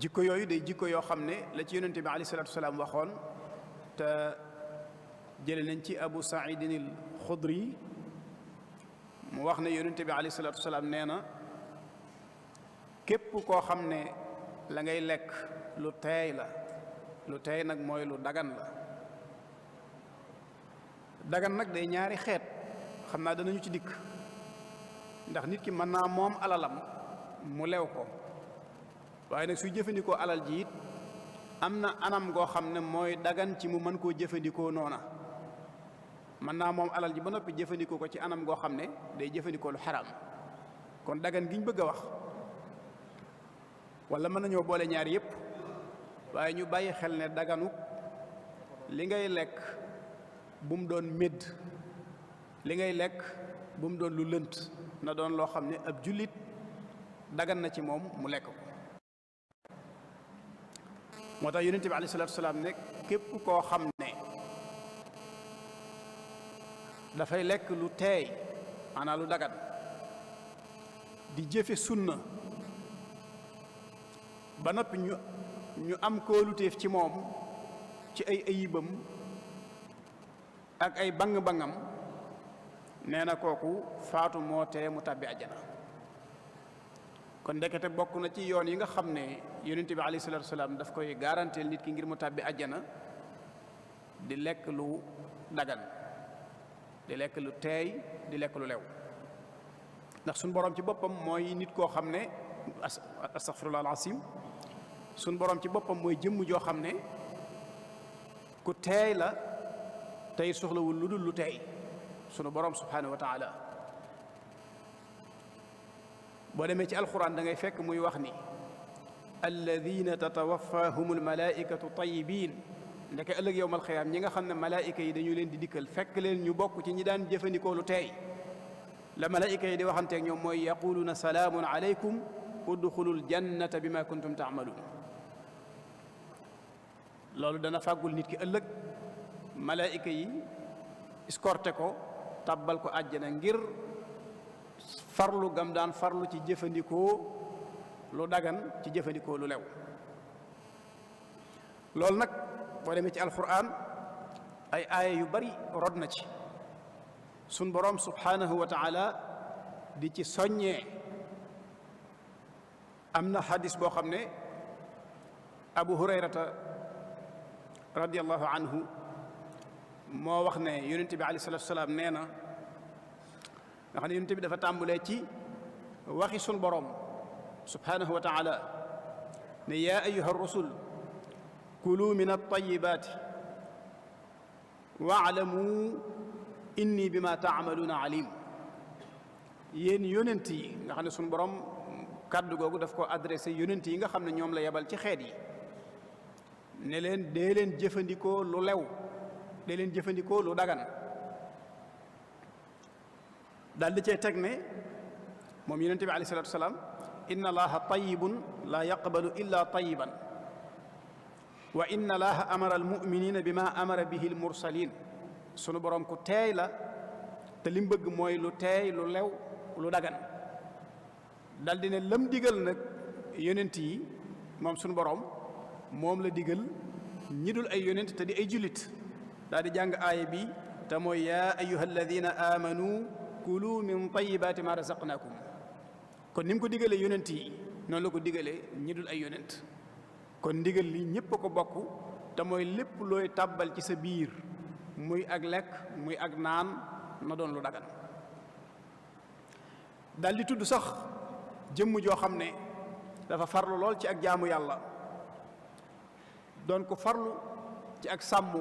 jikko yooyu day jikko yoo xam ne la ci yonente bi alayhi salaatu salaam waxoon te jële nañ ci abu saidin al xudri mu wax ne yonente bi alayhi salaatu salaam nee na képp koo xam ne la ngay lekk lu teey la lu teey nag mooy lu dagan la dagan nag day ñaari xeet xam naa danañu ci dikk ndax nit ki mën naa moom alalam mu lew ko waaye nag suy jëfandikoo alal ji it am na anam goo xam ne mooy dagan ci mu mën koo jëfandikoo noona mën naa moom alal ji ba noppi jëfandikoo ko ci anam goo xam ne day jëfandikoo lu xaraam kon dagan gi ñu bëgg a wax wala mën nañoo boole ñaar yëpp waaye ñu bàyyi xel ne daganu li ngay lekk bu mu doon médd li ngay lekk bu mu doon lu lënt na doon loo xam ne ab jullit dagan na ci moom mu lekk moo tax yonent bi alayhi salaatu salaam ne képp koo xam ne dafay lekk lu teey maanaam lu dagat di jëfe sunna ba noppi ñu ñu am kóoluteef ci moom ci ay ayibam ak ay bang-bangam nee na kooku faatu moo tee mu tàbbi àjjana kon ndekete bokk na ci yoon yi nga xam ne yonent bi alayhi salaatu wasalaam daf koy garanteel nit ki ngir mu tàbbi àjjana di lekk lu dagan di lekk lu teey di lekk lu lew ndax suñ boroom ci boppam mooy nit koo xam ne astaghfirullah alasim suñ borom ci boppam mooy jëmm joo xam ne ku teey la tey soxlawul lu dul lu teey sunu borom subhanahu wa boo demee ci alxuraan da ngay fekk muy wax ni alladina tatawaffaahum almalaikatu tayibiin ndeke ëllëg yowm alxiyaam ñi nga xam ne malaayika yi dañu leen di dikkal fekk leen ñu bokk ci ñi daan jëfandikoo lu teey la malaayika yi di waxanteek ñoom mooy yaquluuna salaamun aleykum udxulul jannata bima kuntum taamaluun loolu dana faggul nit ki ëllëg malaayika yi escorté ko tabbal ko àjjana ngir farlu gam daan farlu ci jëfandikoo lu dagan ci jëfandikoo lu lew loolu nag boo demee ci alquran ay aaya yu bari rod na ci sun boroom subhanahu wa taala di ci soññee am na xadis boo xam ne abu hurayrata radiallahu anhu moo wax ne yonente bi alei salatu nee na nga xam ne yonent bi dafa tàmbulee ci waxi sun borom subhanahu wa taala ne yaa ayuha rusul kulu min altayibaati waalamu inni bi ma taamaluuna alim yéen yonent yi nga xam ne suñu borom kàddu googu def ko adressé yonent yi nga xam ne ñoom la yebal ci xeet yi ne leen dee leen jëfandikoo lu lew dee leen jëfandikoo lu dagan daal di cee teg ne moom yonente bi alayhi salaatu salaam inna allaha tayyibun la yaqbalu illa tayyiban wa inna allaha amara almuminina bi ma amara bihi almursalin sunu borom ku teey la te li mu bëgg mooy lu teey lu lew lu dagan daldi ne lam digal nag yonent yi moom sunu borom moom la digal ñi ay yonent te di ay jullit daal di jàng aaya bi te mooy yaa ayuha alladina amanu mu kulu min tayibaati ma razaqnaakum kon nim ko digalee yonent yi noonu la ko digalee ñi dul ay yonent kon ndigal li ñëpp a ko bokk te mooy lépp looy tàbbal ci sa biir muy ak lekk muy ak naan na doon lu dagan daldi tudd sax jëmm joo xam ne dafa farlu lool ci ak jaamu yàlla doon ko farlu ci ak sàmm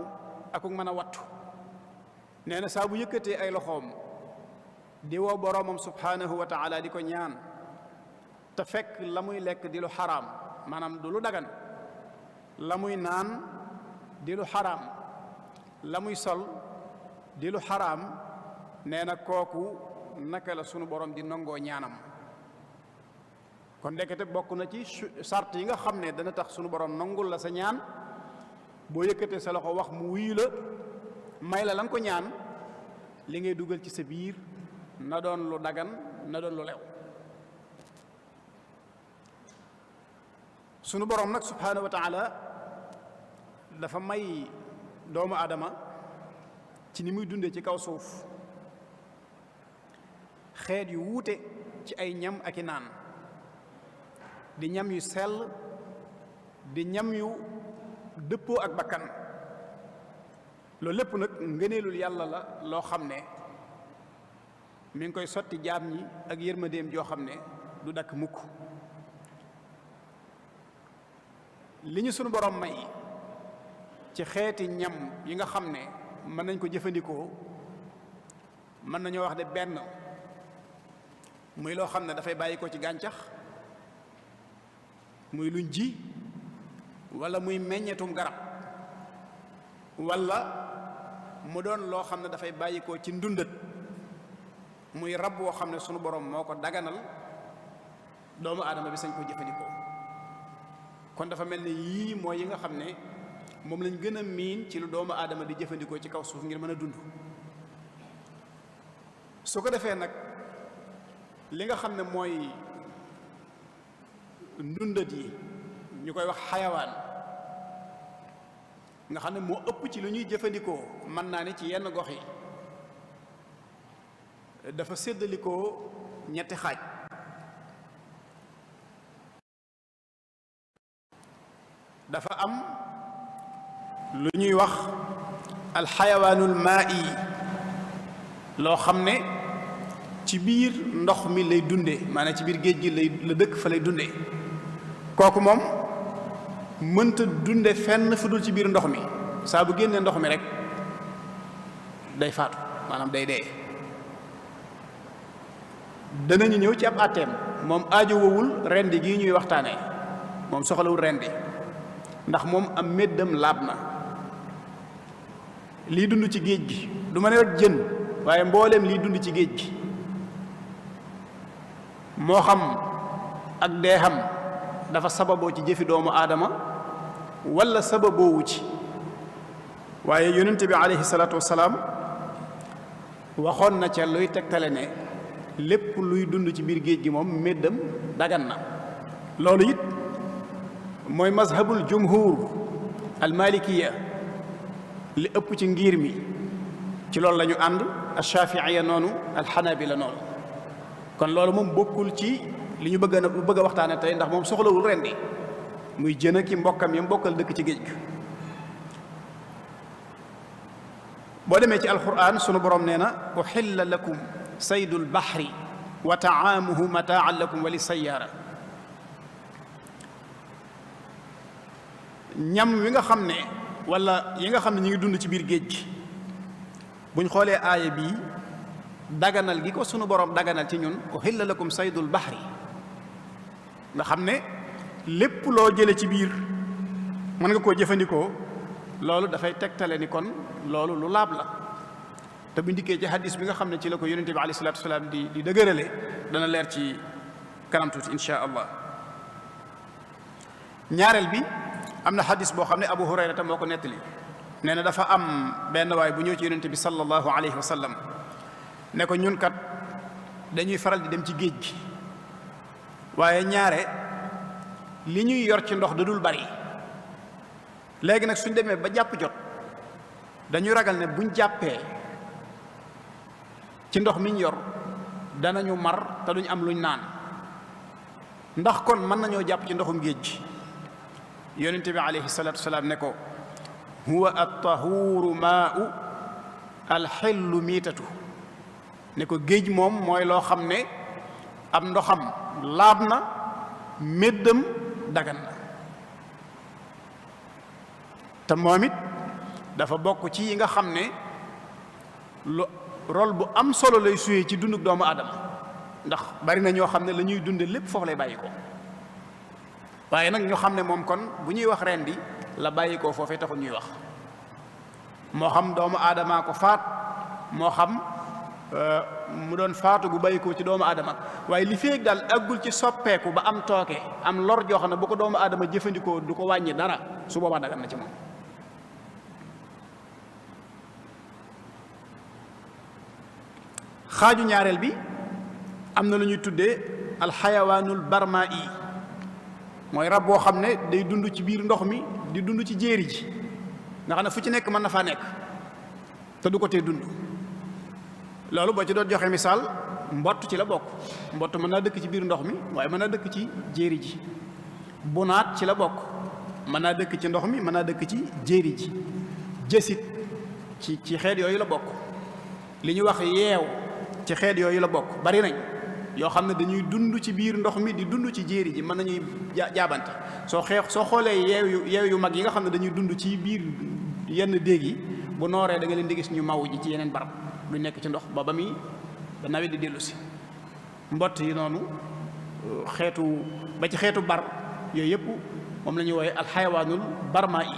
ak mën a wattu nee na saa bu yëkkatee ay loxoom di woo boromam subhaanahu wa taala di ko ñaan te fekk la muy lekk di lu xaraam maanaam du lu dagan la muy naan di lu xaraam la muy sol di lu xaraam nee na kooku naka la sunu borom di nangoo ñaanam kon ndekete bokk na ci sart yi nga xam ne dana tax sunu borom nangul la sa ñaan boo yëkkatee sa ko wax mu wuyu la may la la ko ñaan li ngay dugal ci sa biir na doon lu dagan na doon lu lew sunu boroom nag subhaanahu dafa may doomu aadama ci ni muy dunde ci kaw suuf xeet yu wuute ci ay ñam ak i naan di ñam yu sell di ñam yu dëppoo ak bakkan loolu lépp nag ngëneelul yàlla la loo xam ne mi ngi koy sotti jaam yi ak yërmandeem joo xam ne du dakk mukk li ñu sunu borom may ci xeeti ñam yi nga xam ne mën nañ ko jëfandikoo mën nañoo wax ne benn muy loo xam ne dafay bàyyi ci gàncax muy luñ ji wala muy meññetum garab wala mu doon loo xam ne dafay bàyyi ci ndundat muy rab woo xam ne sunu borom moo ko daganal doomu aadama bi sañ ko jëfandikoo kon dafa mel ne yii mooy yi nga xam ne moom lañ gën a miin ci lu doomu aadama di jëfandikoo ci kaw suuf ngir mën a dund su ko defee nag li nga xam ne mooy ndundat yi ñu koy wax xayawaan nga xam ne moo ëpp ci lu ñuy jëfandikoo mën naa ne ci yenn gox yi dafa séddalikoo ñetti xaaj dafa am lu ñuy wax alxayawaanul maa i loo xam ne ci biir ndox mi lay dunde maanaam ci biir géej gi lay la dëkk fa lay dunde kooku moom mënta dunde fenn fu dul ci biir ndox mi saa bu génnee ndox mi rek day faatu maanaam day dee danañu ñëw ci ab àtteem moom aajowowul rendi gii ñuy waxtaanee moom soxlawul rendi ndax moom am méddam laab na lii dund ci géej gi du ma ne rek jën waaye mbooleem lii dund ci géej gi moo xam ak deexam dafa sababoo ci jëfi doomu aadama walla sababoowu ci waaye yonent bi aleyhi salaatu wasalaam waxoon na ca luy tegtale ne lépp luy dund ci biir géej gi moom méddam dagan na loolu it mooy mazhabul jumhur almalikiya li ëpp ci ngiir mi ci loolu la ñu ànd alshaafiiya noonu la noonu kon loolu moom bokkul ci li ñu bëgg a bëgg a waxtaane tey ndax moom soxlawul rendi muy jën ak mbokkam yi bokkal dëkk ci géej gi boo demee ci alquran sunu borom nee na uxilla lakum saydul bahri wa taamuhu mataan lakum wa li sayyaara ñam wi nga xam ne walla yi nga xam ne ñu ngi dund ci biir géej gi buñ xoolee aaya bi daganal gi ko sunu borom daganal ci ñun uhilla lakum saydul bahri nga xam ne lépp loo jële ci biir mën nga koo jëfandikoo loolu dafay tegtale ni kon loolu lu laab la te bu ndikkee ci hadis bi nga xam ne ci la ko yonente bi alayhi salaatu wasalaam di di dëgërale dana leer ci kanam tuuti ñaareel bi am na hadis boo xam ne abu hurayrata moo ko nettali nee na dafa am benn waay bu ñëw ci yonente bi sallallahu alayhi wa sallam ne ko ñun kat dañuy faral di dem ci géej gi waaye ñaare li ñuy yor ci ndox da dul bari léegi nag suñ demee ba jàpp jot dañuy ragal ne buñ jàppee ci ndox miñ yor danañu mar te duñ am luñ naan ndax kon mën nañoo jàpp ci ndoxum géej gi yonente bi alayhi salaatu ne ko huwa attahuuru maa'u alxillu miitatu ne ko géej moom mooy loo xam ne am ndoxam laab na méddam dagan na te moom it dafa bokk ci yi nga xam ne lu role bu am solo lay suyee ci dunduk doomu aadama ndax bari na ñoo xam ne lañuy dundee lépp foofu lay bàyyi waaye nag ñoo xam ne moom kon bu ñuy wax rendi la bàyyi foofee taxul ñuy wax moo xam doomu aadamaa ko faat moo xam euh, mu doon faatu gu bàyyi ko ci doomu aadama waaye li feeg daal àggul ci soppeeku ba am tooke am lor joo xam ne bu ko doomu aadama jëfandikoo du ko wàññi dara su boobaa dagan na ci moom xaaju ñaareel bi am na lu ñuy tuddee alxayawaanul barma yi mooy rab boo xam ne day dund ci biir ndox mi di dund ci jéeri ji nga xam ne fu ci nekk mën na faa nekk te du ko tee dund loolu boo ci doon joxe misaal mbott ci la bokk mbott mën naa dëkk ci biir ndox mi waaye mën naa dëkk ci jéeri ji bunaat ci la bokk mën naa dëkk ci ndox mi mën naa dëkk ci jéeri ji jësit ci ci xeet yooyu la bokk li ñu wax yeew ci xeet yooyu la bokk bari nañ yoo xam ne dañuy dund ci biir ndox mi di dund ci jéeri ji mën nañuy jaabante soo xeex soo xoolee yeew yu yeew yu mag yi nga xam ne dañuy dund ci biir yenn déeg yi bu nooree danga leen di gis ñu maw ji ci yeneen barab lu nekk ci ndox ba ba muy nawet di dellu si mbott yi noonu euh, xeetu ba ci xeetu bar yooyu yëpp moom lañuy ñuy wooye alxayawaanul barma yi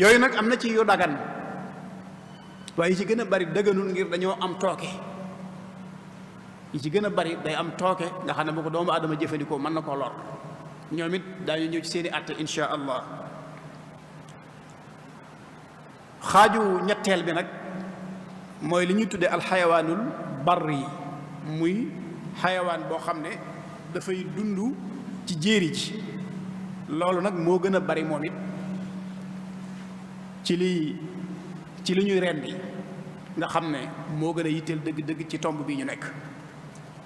yooyu nag am na ci yu dagan waaye yi ci gën a bari dëgënul ngir dañoo am tooke yi ci gën a bari day am tooke nga xam ne bu ko doomu aadama jëfandikoo mën na koo lool ñoom it daañu ñëw ci seeni àtte insha allah xaaju ñetteel bi nag mooy li ñuy tuddee alxayawaanul yi muy xayawaan boo xam ne dafay dund ci jéeri ji loolu nag moo gën a bari moom it ci li ci li ñuy reen rendi nga xam ne moo gën a yitteel dëgg-dëgg ci tomb bii ñu nekk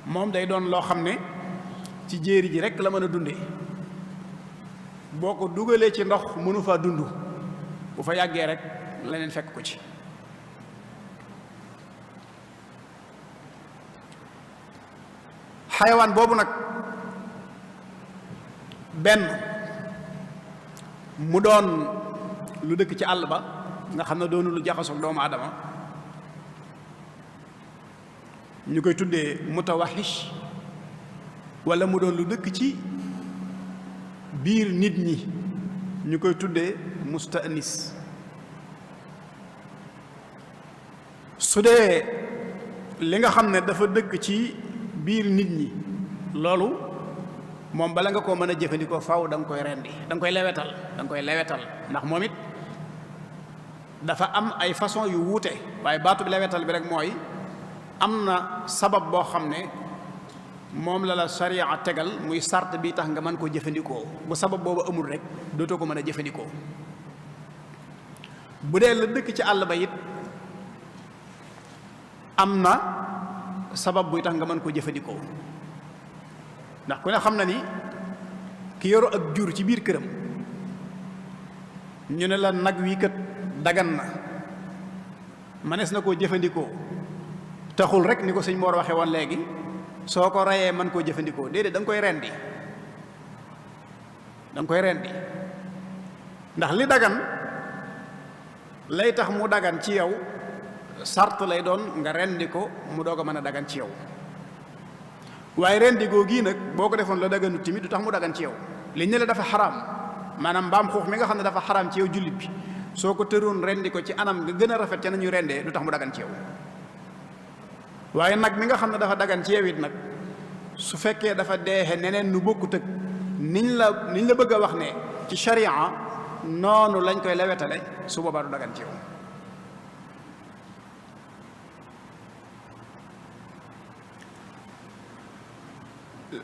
moom day doon loo xam ne ci jéeri ji rek la mën a dunde boo ko dugalee ci ndox mënu fa dund bu fa yàggee rek leneen fekk ko ci xayawaan boobu nag benn mu doon lu dëkk ci àll ba nga xam ne doonu lu jaxasoog doomu aadama ñu koy tuddee mutawaxish wala mu doon lu dëkk ci biir nit ñi ñu koy tuddee musta mustanis su dee li nga xam ne dafa dëkk ci biir nit ñi loolu moom bala nga koo mën a jëfandikoo faw da nga koy rendi da koy lewetal da koy lewetal ndax moom it dafa am ay façon yu wuute waaye baatu bi lewetal bi rek mooy am na sabab boo xam ne moom la la sariya tegal muy sart bi tax nga mën koo jëfandikoo bu sabab boobu amul rek dootoo ko mën a jëfandikoo bu dee la dëkk ci àll ba it am na sabab buy tax nga mën koo jëfandikoo ndax ku ne xam na ni ki yoru ak jur ci biir këram ñu ne la nag wii kat dagan na manees na koo jëfandikoo taxul rek ni ko sëñ Mor waxe woon léegi soo ko reyee man koo jëfandikoo déedéet da nga koy rendi da nga koy rendi ndax li dagan lay tax mu dagan ci yow sart lay doon nga rendi ko mu doog a mën a dagan ci yow waaye rendi goo gii nag boo ko defoon la daganut tamit du tax mu dagan ci yow li ne la dafa xaraam maanaam mbaam xuux mi nga xam ne dafa xaraam ci yow jullit bi soo ko tëroon rendi ko ci anam nga gën a rafet ca nañu rendee du tax mu dagan ci waaye nag mi nga xam ne dafa dagan ci nag su fekkee dafa deexe neneen nu bokkut ak niñ la niñ la bëgg a wax ne ci sharia noonu lañ koy lewetale su boobaa du dagan ci yow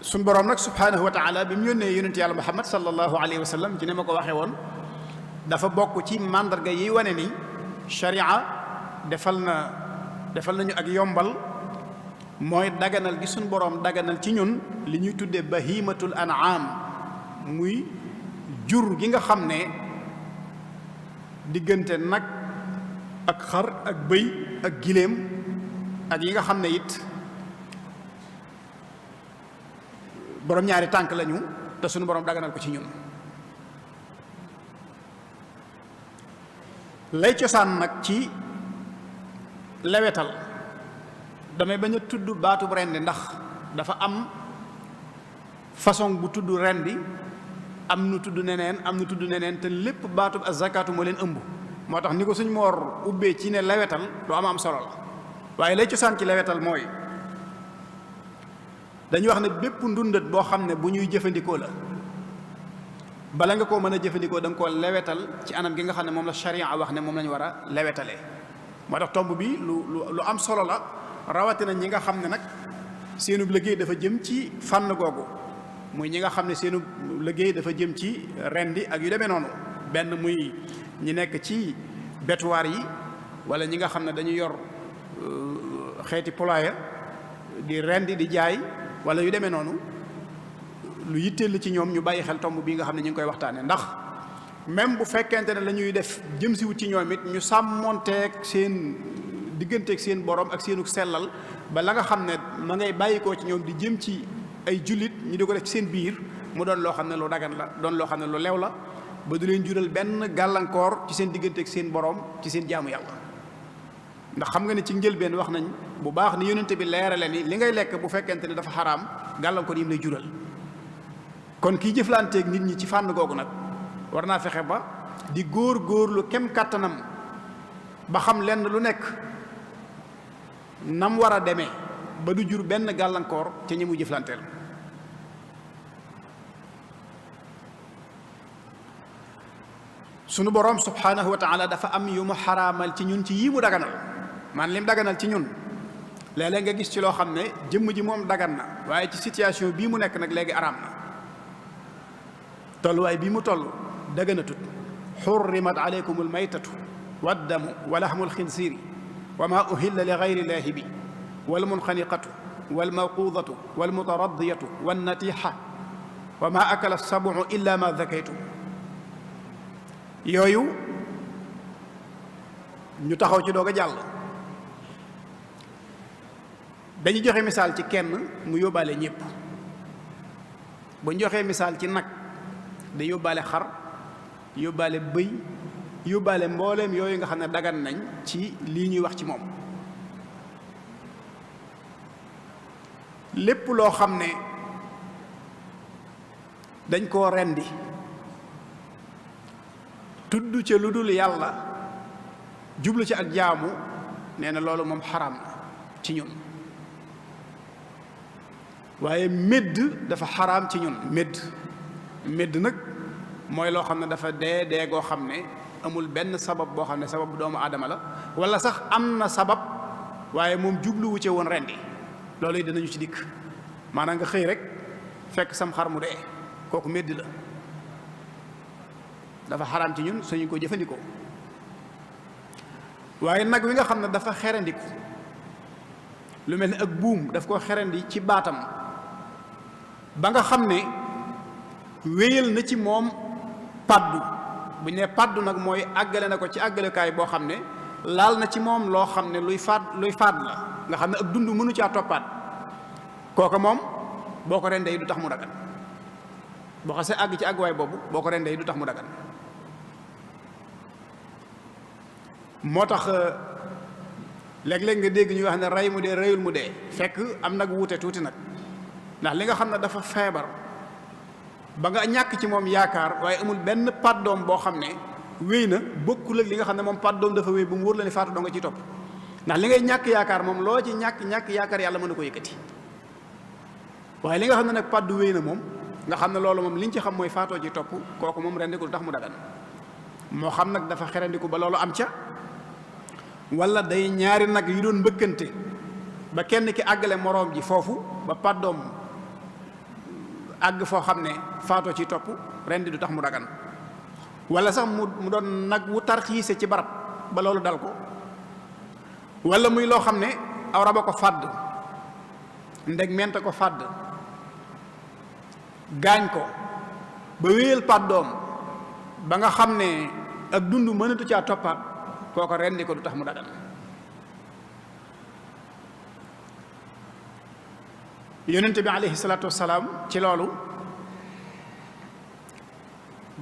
suñ boroom nag subhanahu wa bi mu yónnee yonent yàlla muhammad sallallahu alayhi wa ci ne ma ko waxee woon dafa bokk ci màndarga yi wane ni sharia defal na defal nañu ak yombal mooy daganal gi suñ boroom daganal ci ñun li ñuy tuddee bahimatul an'am muy jur gi nga xam ne diggante nag ak xar ak bëy ak giléem ak yi nga xam ne it boroom ñaari tànk lañu te suñu boroom daganal ko ci ñun lay cosaan nag ci lewetal damay bañ a tudd baatub rendi ndax dafa am façon bu tudd rendi am nu tudd neneen am nu tudd neneen te lépp baatu baatub azakaatu moo leen ëmb moo tax ni ko suñ moor ubbee ci ne lewetal lu am am solo la waaye lay cosaan ci lawetal mooy dañu wax ne bépp ndundat boo xam ne bu ñuy jëfandikoo la bala nga koo mën a jëfandikoo da nga lewetal ci anam gi nga xam ne moom la charia wax ne moom la ñu war a lewetalee moo tomb bi lu lu am solo la rawatina ñi nga xam ne nag seenub liggéey dafa jëm ci fànn googu muy ñi nga xam ne seenub liggéey dafa jëm ci rendi ak yu demee noonu benn muy ñi nekk ci bétuwaar yi wala ñi nga xam ne dañu yor euh, xeeti poulailler di rendi di jaay wala yu demee noonu lu yitteel la ci ñoom ñu bàyyi xel tomb bii nga xam ne ñu ngi koy waxtaanee ndax même bu fekkente ne la def jëm si wut ci ñoom it ñu sàmmonteeg seen digganteeg seen borom ak seenu sellal ba la nga xam ne ma ngay bàyyikoo ci ñoom di jëm ci ay jullit ñu di ko def ci seen biir mu doon loo xam ne lu dagan la doon loo xam ne lu lew la ba du leen benn gàllankoor ci seen digganteeg seen borom ci seen jaamu yàlla ndax xam nga ni ci njëlbeen wax nañ bu baax ni yonente bi leerale ni li ngay lekk bu fekkente ne dafa xaraam gàllankoor yim mu lay jural kon kiy jëflanteeg nit ñi ci fànn googu nag war naa fexe ba di góor góorlu kem kàttanam ba xam lenn lu nekk nam war a demee ba du jur benn gàllankoor ca ñi mu jëflanteel sunu boroom subhaanahu wa dafa am yu mu xaraamal ci ñun ci yii mu daganal man lim daganal ci ñun léeg nga gis ci loo xam ne jëmm ji moom dagan na waaye ci situation bii mu nekk nag léegi araam na tolluwaay bi mu toll daganatut xurrimat aleykumul maytatu waddamu wa laxmul xinsiiri wa maa uhilla li gayrillaahi bi wal munxaniqatu wal mawquudatu wal mutaraddiyatu wan natiixa wa zakaytu yooyu ñu taxaw ci doog a jàll dañu joxe misaal ci kenn mu yóbbaale ñépp bu ñu joxee misaal ci nag da yóbbaale xar yóbbaale bëy yóbbaale mbooleem yooyu nga xam ne dagan nañ ci lii ñuy wax ci moom lépp loo xam ne dañ koo rendi tudd ca lu dul yàlla jublu ci ak jaamu nee na loolu moom xaraam na ci ñun waaye medd dafa xaraam ci ñun médd médd nag mooy loo xam ne dafa dee dee goo xam ne amul benn sabab boo xam ne sabab doomu aadama la wala sax am na sabab waaye moom jubluwu ci woon rendi loolu yi dinañu ci dikk maanaa nga xëy rek fekk sam xar mu dee kooku médd la dafa xaram ci ñun suñu ko jëfandikoo waaye nag wi nga xam ne dafa xerandiku lu mel ni ak buum daf ko xerandi ci baatam ba nga xam ne wéyal na ci moom pàddu bu ne nee pàddu nag mooy àggale na ko ci àggalekaay boo xam ne laal na ci moom loo xam ne luy faat luy faat la nga xam ne ak dund mënu caa toppaat kooka moom boo ko rendee du tax mu dagan boo àgg ci àgguwaay boobu boo ko rendee du tax mu dagan moo tax euh, léeg-léeg nga dégg ñu wax ne rey mu dee reyul mu dee fekk am nag wuute tuuti nag ndax li nga xam ne dafa feebar ba nga ñàkk ci moom yaakaar waaye amul benn pàddoom boo xam ne wéy na bokk ak li nga xam ne moom pàddoom dafa wéy bu mu wóor la ne faatu doo nga ci topp ndax li ngay ñàkk yaakaar moom loo ci ñàkk ñàkk yaakaar yàlla mën na ko yëkkati waaye li nga xam ne nag pàddu wéy na moom nga xam ne loolu moom ñu ci xam mooy faatoo ci topp kooku moom rendikul tax mu dagan moo xam nag dafa xerandiku ba loolu am ca wala day ñaari nag yu doon mbëkkante ba kenn ki àggale moroom ji foofu ba pàddoom àgg foo xam ne faatoo ci topp rendi du tax mu dagan wala sax mu mu doon nag wu tarxiise ci barab ba loolu dal ko wala muy loo xam ne aw a ko fàdd ndeg ment a ko fàdd gaañ ko ba wéyal doom ba nga xam ne ak dund mënatu caa toppaat kooko rendi ko du tax mu dagan yonent bi aleyhi salaatu salaam ci loolu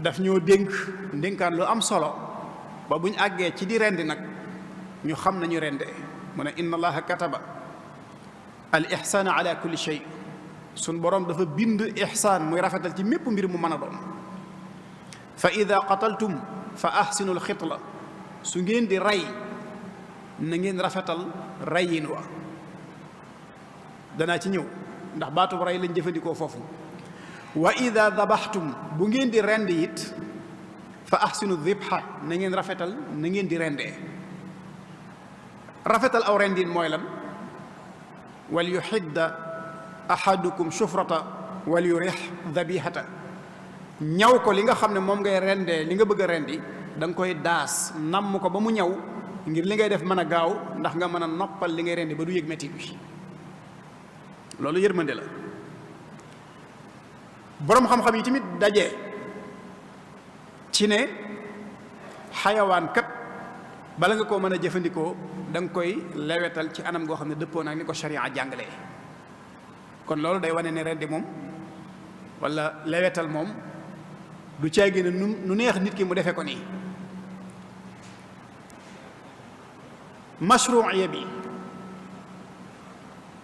daf ñoo dénk ndénkaan lu am solo ba bu ñu àggee ci di rendi nag ñu xam nañu rende mu ne inna allaha kataba al ihsaana ala kulli shay sun boroom dafa bind ihsaan muy rafetal ci mépp mbir mu mën a doon fa ida qataltum fa ahsinul xitla su ngeen di rey na ngeen rafetal reyin wa danaa ci ñëw ndax baatub rey lañ jëfandikoo foofu wa ida dabaxtum bu ngeen di rend yit fa ahsinu dibha na ngeen rafetal na ngeen di rendee rafetal aw rendin mooy lan wal yuxidda ahadukum shufrata wal yurix dabihata ñaw ko li nga xam ne moom ngay rendee li nga bëgg a rendi da koy daas namm ko ba mu ñaw ngir li ngay def mën a gaaw ndax nga mën a noppal li ngay rendi ba du yëg metit bi loolu yërmande la boroom xam-xam yi tamit daje ci ne xayawaan kat bala nga ko mën a jëfandikoo da koy lewetal ci anam goo xam ne dëppoon nag ni ko sharia jàngalee kon loolu day wane ne rendi moom walla lewetal moom du caagi ne nu neex nit ki mu defee ko nii mashruuya bi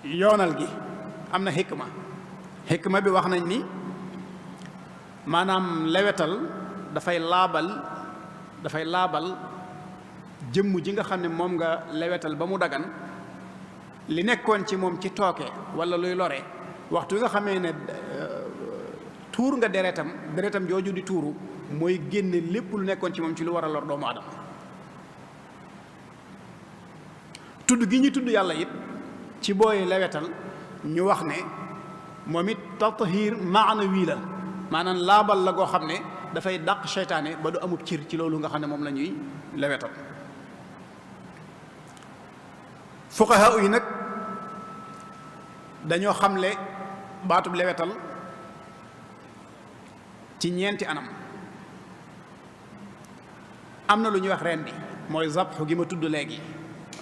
yoonal gi am na xikma xikma bi wax nañ ni maanaam lawetal dafay laabal dafay laabal jëmm ji nga xam ne moom nga lewetal ba mu dagan li nekkoon ci moom ci tooke wala luy lore waxtu yi nga xamee ne euh, tuur nga deretam deretam jooju di tuuru mooy génne lépp lu nekkoon ci moom ci lu war a lor doomu aadama tudd gi ñu tudd yàlla yit ci booy lawetal ñu wax ne moom it tathiir maanawi la maanaam laabal la goo xam ne dafay dàq seytaane ba du amub cir ci loolu nga xam ne moom la ñuy lewetal fuqaha yi nag dañoo xamle baatub lewetal ci ñeenti anam am na lu ñuy wax rendi mooy zabxu gi ma tudd léegi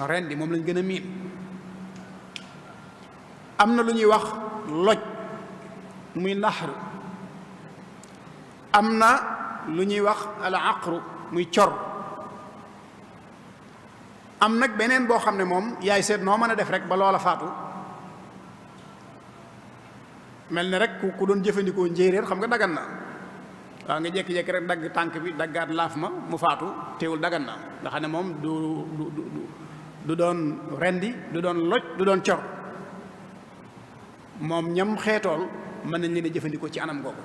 rendi moom lañ gën a miin am na lu ñuy wax loj muy naxar am na lu ñuy wax al aqru muy cor am nag beneen boo xam ne moom yaay seet noo mën a def rek ba loola faatu mel ne rek ku doon jëfandikoo njéeréer xam nga dagan na waaw nga jékki-jékki rek dagg tànk bi daggaat laaf ma mu faatu teewul dagan na nga ne moom du du du doon rendi du doon loj du doon cor moom ñam xeetool mën nañ leen jëfandikoo ci anam googu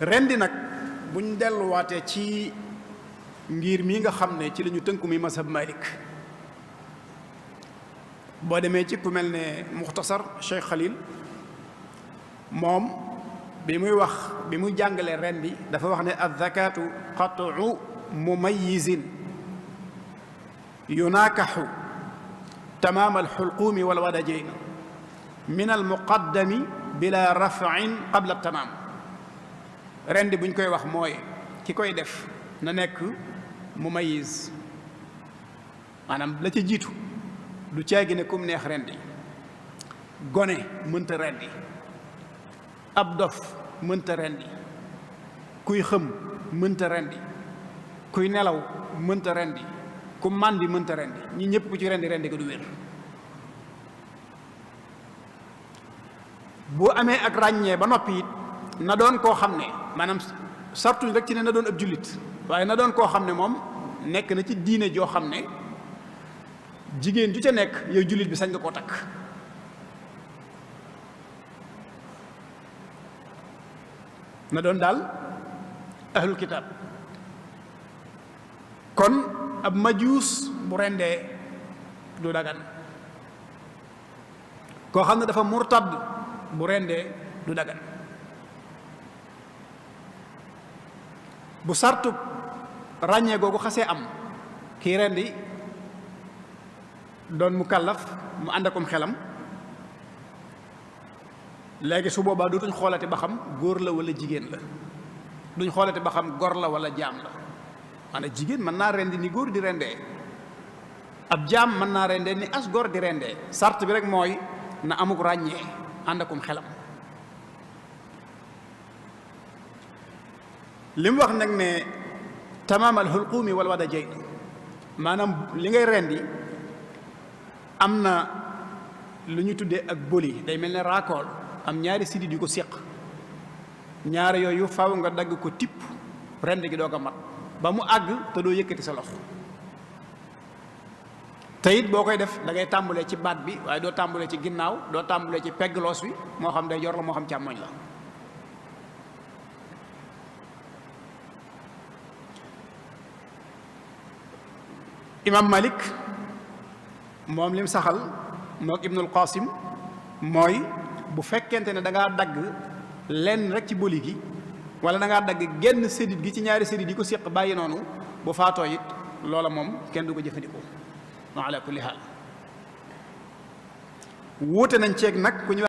rendi nag buñ delluwaatee ci ngir mii nga xam ne ci lañu ñu tënku muy masab malik boo demee ci ku mel ne muxtasar Cheikh Khalil moom bi muy wax bi muy jàngalee ren bi dafa wax ne azzakatu qat'u mumayizin yunaakaxu tamaam alxulquumi wal wadajayn minal al muqaddami bila rafin qabla tamaam rendi buñ koy wax mooy ki koy def na nekk mumayis maanaam la ca jiitu du caagi ne kum neex rendi gone mënta rendi ab dof mënta rendi kuy xëm mënta rendi kuy nelaw mënta rendi ku màndi mënta rendi ñii ñëpp ku ci rendi rendi ko du wér boo amee ak ràññee ba noppi na doon koo xam ne maanaam sartuñ rek ci ne na doon ab jullit waaye na doon koo xam ne moom nekk na ci diine joo xam ne jigéen ju ca nekk yow jullit bi sañ nga koo takk na doon daal ahlul kitaab kon ab majuus bu rendee du dagan koo xam ne dafa murtad bu rendee du dagan bu sartu ràññee googu xasee am kii rendi doon mu kàllaf mu ànd akum xelam léegi su boobaa du dutuñ xoolati ba xam góor la wala jigéen la duñ xoolati ba xam gor la wala jaam la maanaam jigéen mën naa rendi ni góor di rendee ab jaam mën naa rendee ni as góor di rendee sart bi rek mooy na amuk ràññee ànd akum xelam li wax nag ne tamaamal xulquumi wal wada jey maanaam li ngay rendi am na lu ñu tuddee ak boli day mel ne raakool am ñaari sidit yu ko séq ñaari yooyu faw nga dagg ko tipp rend gi doo ko mat ba mu àgg te doo yëkkati solof te it boo koy def da ngay tàmbalee ci baat bi waaye doo tàmbalee ci ginnaaw doo tàmbalee ci pegg loos bi moo xam day jor la moo xam càmmoñ la imaam malik moom lim saxal mook ibnul qasim mooy bu fekkente ne da dagg lenn rek ci boli gi wala da ngaa dagg genn sédit gi ci ñaari sédit yi ko séq bàyyi noonu bu faatoo it loola moom kenn du ko jëfandikoo ala kulli haal wuute nañ ceeg nag ku ñu